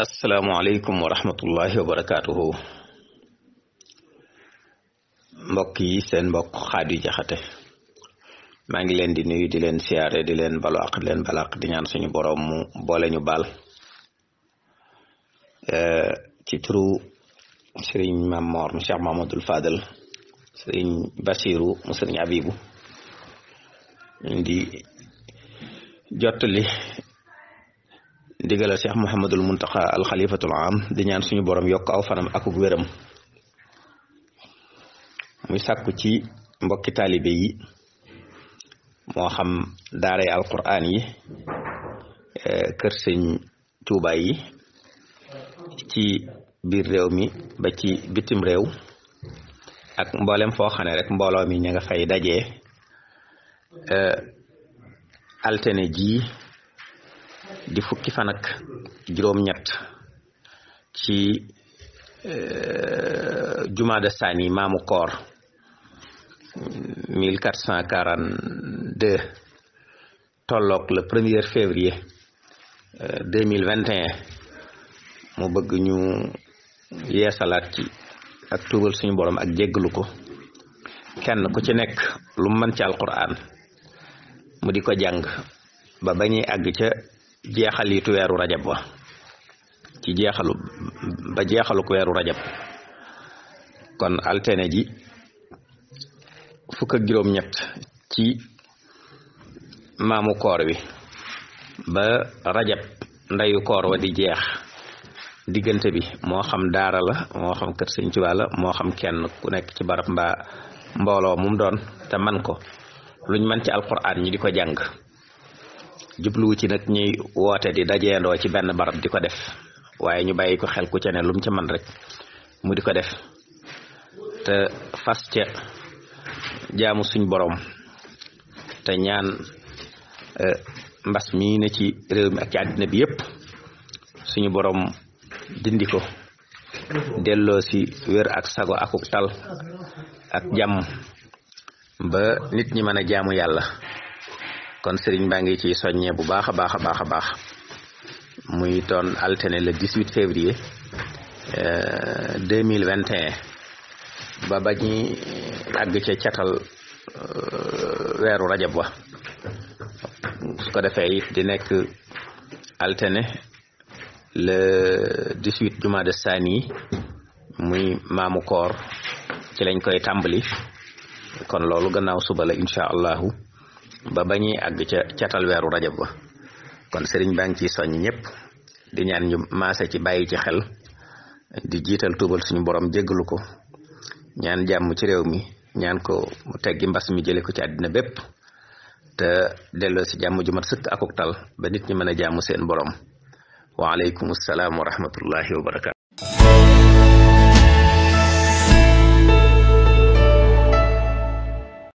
asalaamualeykum wa rahmatullahi wa barakaatuhu mbokk yi seen mbokk Xaadi Jaxate maa ngi leen di nuyu di leen siyaare di leen balu ak di leen balaq di ñaan suñu boroom mu boole ñu baal eh, ci turu sëriñ Mam Moor mu Cheikh Mamadul Basiru mu sëriñ Abibu di ndigalal cheikh Mouhamadul Muntaqa al xalifatul am di ñaan suñu borom yokk aw fanam akuk wéram muy sàkku ci mbokki taalibe yi moo xam daaray alquran yi eh, kër sëñ Tuuba yi ci biir réew mi ba ci bitim réew ak mboolem foo xam ne rek mbooloo mi ña nga fay dajee eh, di fukki fan ak juróom-ñett ci euh, jumaada saani maamu koor 1442 tolloog le premier février 2021 euh, mu bëgg ñu yeesalaat ci ak tuubal suñu borom ak jéggalu ko kenn ku ci nekk lu mën ci alquran mu di ko jàng ba bañuy àgg ca jeexalitu weeru rajab wa ci jeexalu ba jeexalu weeru rajab kon altene ji fukk ak ñett ci maamu koor wi ba rajab ndeyu koor wa di jeex diggante bi moo xam daara la moo xam kër sëñ Tuubaa la moo xam kenn ku nekk ci barab mbaa mbooloo mum doon te man ko luñ man ci alquran ñi di ko jàng jubluwu ci nag ñuy woote di dajeendoo ci benn barab di ko def waaye ñu bàyyi ko xel ku ca ne lu mu ca man rek mu di ko def te fas ca jaamu suñ boroom te ñaan e, mbas mii na ci réew mi ak ci àddina bi yépp suñu boroom dindi ko delloo si wér ak sago akuk tal ak jàmm ba nit ñi mën a jaamu yàlla kon sëriñ baa ngi ci soññee bu baax a baax a baax a baax muy doon alterné le 18 février 2021 euh, ba ba ñi àgg ca catal euh, weeru rajab wa su ko defee it di nekk alterné le 18 jumaa de saani muy maamu koor ci lañ koy tàmbali kon loolu gannaaw suba la incha allahu ba ba ñuy àgg ca catal weeru rajab ba kon sëriñ baa ci ciy soññ ñëpp di ñaan ñu maase ci bàyyi ci xel di jiital tuubal suñu borom jéggalu ko ñaan jàmm ci réew mi ñaan ko mu teggi mbas mi jële ko ci àddina bépp te delloo si jàmm ju mat sëkk akuk tal ba nit ñi mën a jàmm seen borom waaleykum salaam wa rahmatullahi wa barakaatu